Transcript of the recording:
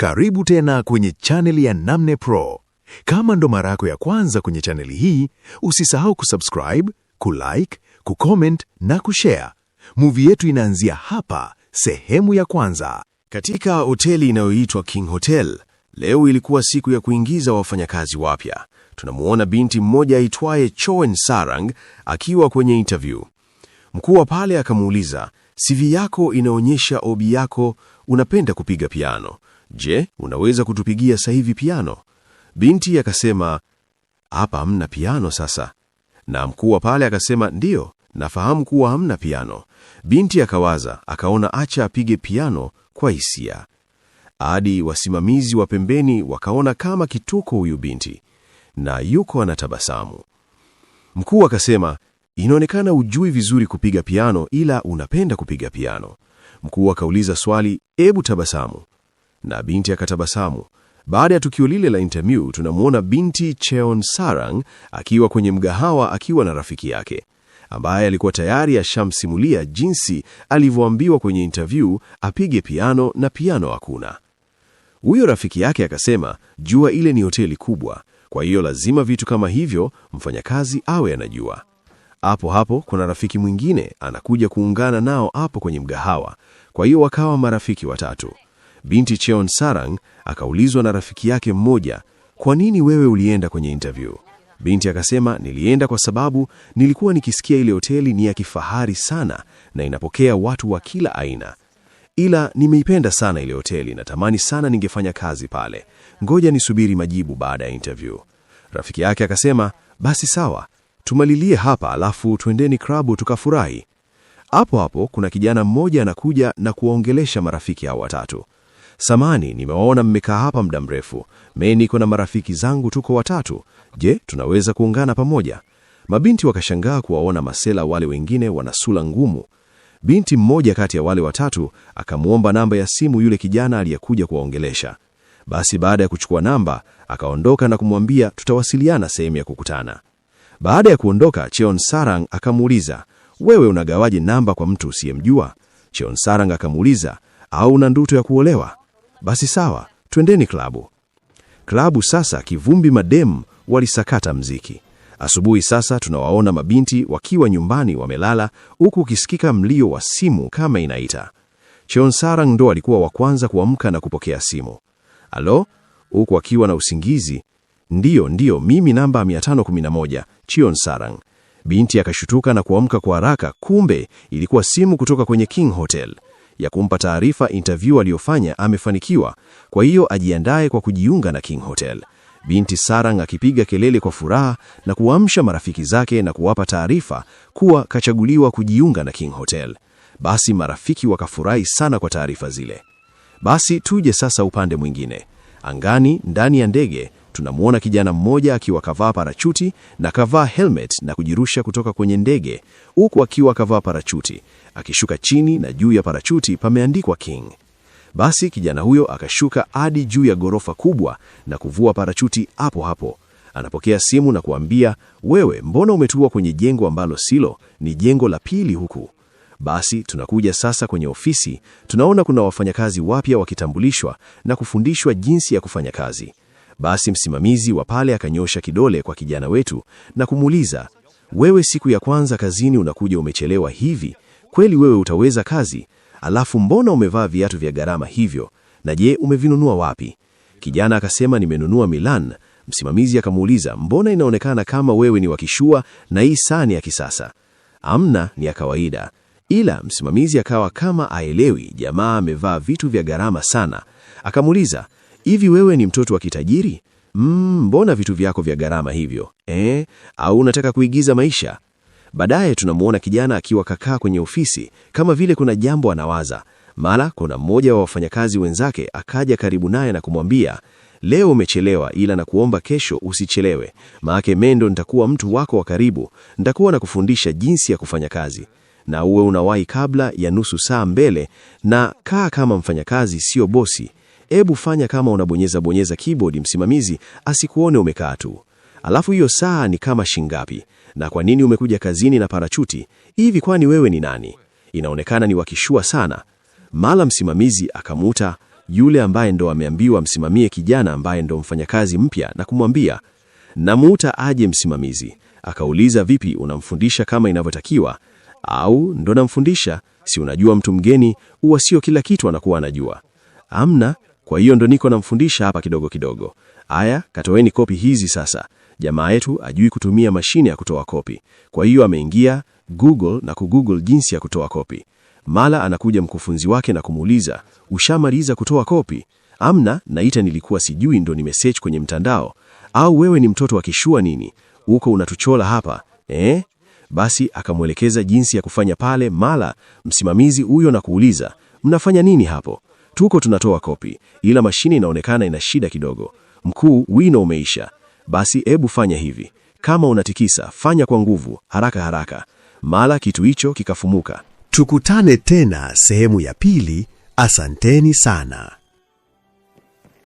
Karibu tena kwenye chaneli ya Namne Pro. Kama ndo mara yako ya kwanza kwenye chaneli hii, usisahau kusubscribe, kulike, kucomment na kushare. Movie yetu inaanzia hapa, sehemu ya kwanza. Katika hoteli inayoitwa King Hotel, leo ilikuwa siku ya kuingiza wafanyakazi wapya. Tunamuona binti mmoja aitwaye Choen Sarang akiwa kwenye interview. Mkuu wa pale akamuuliza, CV yako inaonyesha obi yako unapenda kupiga piano. Je, unaweza kutupigia sasa hivi piano? Binti akasema, hapa hamna piano sasa. Na mkuu wa pale akasema, ndiyo, nafahamu kuwa hamna piano. Binti akawaza, akaona acha apige piano kwa hisia. Hadi wasimamizi wa pembeni wakaona kama kituko huyu binti, na yuko anatabasamu. Mkuu akasema, inaonekana hujui vizuri kupiga piano, ila unapenda kupiga piano. Mkuu akauliza swali, ebu tabasamu na binti akatabasamu. Baada ya tukio lile la interview, tunamwona binti Cheon Sarang akiwa kwenye mgahawa akiwa na rafiki yake ambaye alikuwa tayari ashamsimulia jinsi alivyoambiwa kwenye interview apige piano na piano hakuna. Huyo rafiki yake akasema jua ile ni hoteli kubwa, kwa hiyo lazima vitu kama hivyo mfanyakazi awe anajua. Hapo hapo kuna rafiki mwingine anakuja kuungana nao hapo kwenye mgahawa, kwa hiyo wakawa marafiki watatu binti Cheon Sarang akaulizwa na rafiki yake mmoja, kwa nini wewe ulienda kwenye interview? Binti akasema, nilienda kwa sababu nilikuwa nikisikia ile hoteli ni ya kifahari sana na inapokea watu wa kila aina, ila nimeipenda sana ile hoteli, natamani sana ningefanya kazi pale. Ngoja nisubiri majibu baada ya interview. Rafiki yake akasema, basi sawa, tumalilie hapa alafu twendeni klabu tukafurahi. Hapo hapo kuna kijana mmoja anakuja na kuwaongelesha marafiki hao watatu. Samani, nimewaona mmekaa hapa muda mrefu. Mimi niko na marafiki zangu, tuko watatu. Je, tunaweza kuungana pamoja? Mabinti wakashangaa kuwaona masela wale wengine wana sura ngumu. Binti mmoja kati ya wale watatu akamwomba namba ya simu yule kijana aliyekuja kuwaongelesha. Basi baada ya kuchukua namba akaondoka na kumwambia tutawasiliana sehemu ya kukutana. Baada ya kuondoka, Cheon Sarang akamuuliza, wewe unagawaje namba kwa mtu usiyemjua? Cheon Sarang akamuuliza, au una ndoto ya kuolewa? Basi sawa, twendeni klabu. Klabu sasa kivumbi madem walisakata mziki. Asubuhi sasa tunawaona mabinti wakiwa nyumbani wamelala, huku ukisikika mlio wa simu kama inaita. Cheonsarang ndo alikuwa wa kwanza kuamka na kupokea simu. Alo, huku akiwa na usingizi. Ndiyo, ndiyo, mimi namba 511, Cheonsarang. Binti akashutuka na kuamka kwa haraka, kumbe ilikuwa simu kutoka kwenye King Hotel ya kumpa taarifa interview aliyofanya amefanikiwa, kwa hiyo ajiandaye kwa kujiunga na King Hotel. Binti Sarang akipiga kelele kwa furaha na kuamsha marafiki zake na kuwapa taarifa kuwa kachaguliwa kujiunga na King Hotel. Basi marafiki wakafurahi sana kwa taarifa zile. Basi tuje sasa upande mwingine. Angani ndani ya ndege tunamwona kijana mmoja akiwa kavaa parachuti na kavaa helmet na kujirusha kutoka kwenye ndege, huku akiwa kavaa parachuti akishuka chini, na juu ya parachuti pameandikwa King. Basi kijana huyo akashuka hadi juu ya ghorofa kubwa na kuvua parachuti hapo hapo. Anapokea simu na kuambia, wewe, mbona umetua kwenye jengo ambalo silo? Ni jengo la pili huku. Basi tunakuja sasa kwenye ofisi, tunaona kuna wafanyakazi wapya wakitambulishwa na kufundishwa jinsi ya kufanya kazi. Basi msimamizi wa pale akanyosha kidole kwa kijana wetu na kumuuliza, wewe siku ya kwanza kazini unakuja umechelewa hivi? Kweli wewe utaweza kazi? Alafu mbona umevaa viatu vya gharama hivyo? Na je, umevinunua wapi? Kijana akasema nimenunua Milan. Msimamizi akamuuliza, mbona inaonekana kama wewe ni wakishua na hii saa ni ya kisasa? Amna, ni ya kawaida. Ila msimamizi akawa kama aelewi, jamaa amevaa vitu vya gharama sana. Akamuuliza, Hivi wewe ni mtoto wa kitajiri? Mm, mbona vitu vyako vya gharama hivyo eh? Au unataka kuigiza maisha? Baadaye tunamwona kijana akiwa kakaa kwenye ofisi kama vile kuna jambo anawaza. Mara kuna mmoja wa wafanyakazi wenzake akaja karibu naye na kumwambia, leo umechelewa, ila na kuomba kesho usichelewe, maake mendo nitakuwa mtu wako wa karibu, nitakuwa na kufundisha jinsi ya kufanya kazi na uwe unawahi kabla ya nusu saa mbele, na kaa kama mfanyakazi, sio bosi. Ebu fanya kama unabonyeza bonyeza keyboard, msimamizi asikuone umekaa tu. Alafu hiyo saa ni kama shingapi? Na kwa nini umekuja kazini na parachuti hivi? Kwani wewe ni nani? Inaonekana ni wakishua sana. Mala msimamizi akamuta yule ambaye ndo ameambiwa msimamie kijana ambaye ndo mfanyakazi mpya na kumwambia namuuta aje. Msimamizi akauliza, vipi, unamfundisha kama inavyotakiwa au ndo namfundisha? Si unajua mtu mgeni huwa sio kila kitu anakuwa anajua. Amna, kwa hiyo ndo niko namfundisha hapa kidogo kidogo. Aya, katoeni kopi hizi sasa. Jamaa yetu ajui kutumia mashine ya kutoa kopi, kwa hiyo ameingia Google na kugoogle jinsi ya kutoa kopi. Mala anakuja mkufunzi wake na kumuuliza ushamaliza kutoa kopi? Amna, naita nilikuwa sijui, ndo nimesearch kwenye mtandao. Au wewe ni mtoto wa kishua nini? Uko unatuchola hapa eh? Basi akamwelekeza jinsi ya kufanya pale. Mala msimamizi huyo na kuuliza mnafanya nini hapo? Tuko tunatoa kopi, ila mashine inaonekana ina shida kidogo. Mkuu, wino umeisha. Basi hebu fanya hivi, kama unatikisa fanya kwa nguvu, haraka haraka. Mara kitu hicho kikafumuka. Tukutane tena sehemu ya pili. Asanteni sana.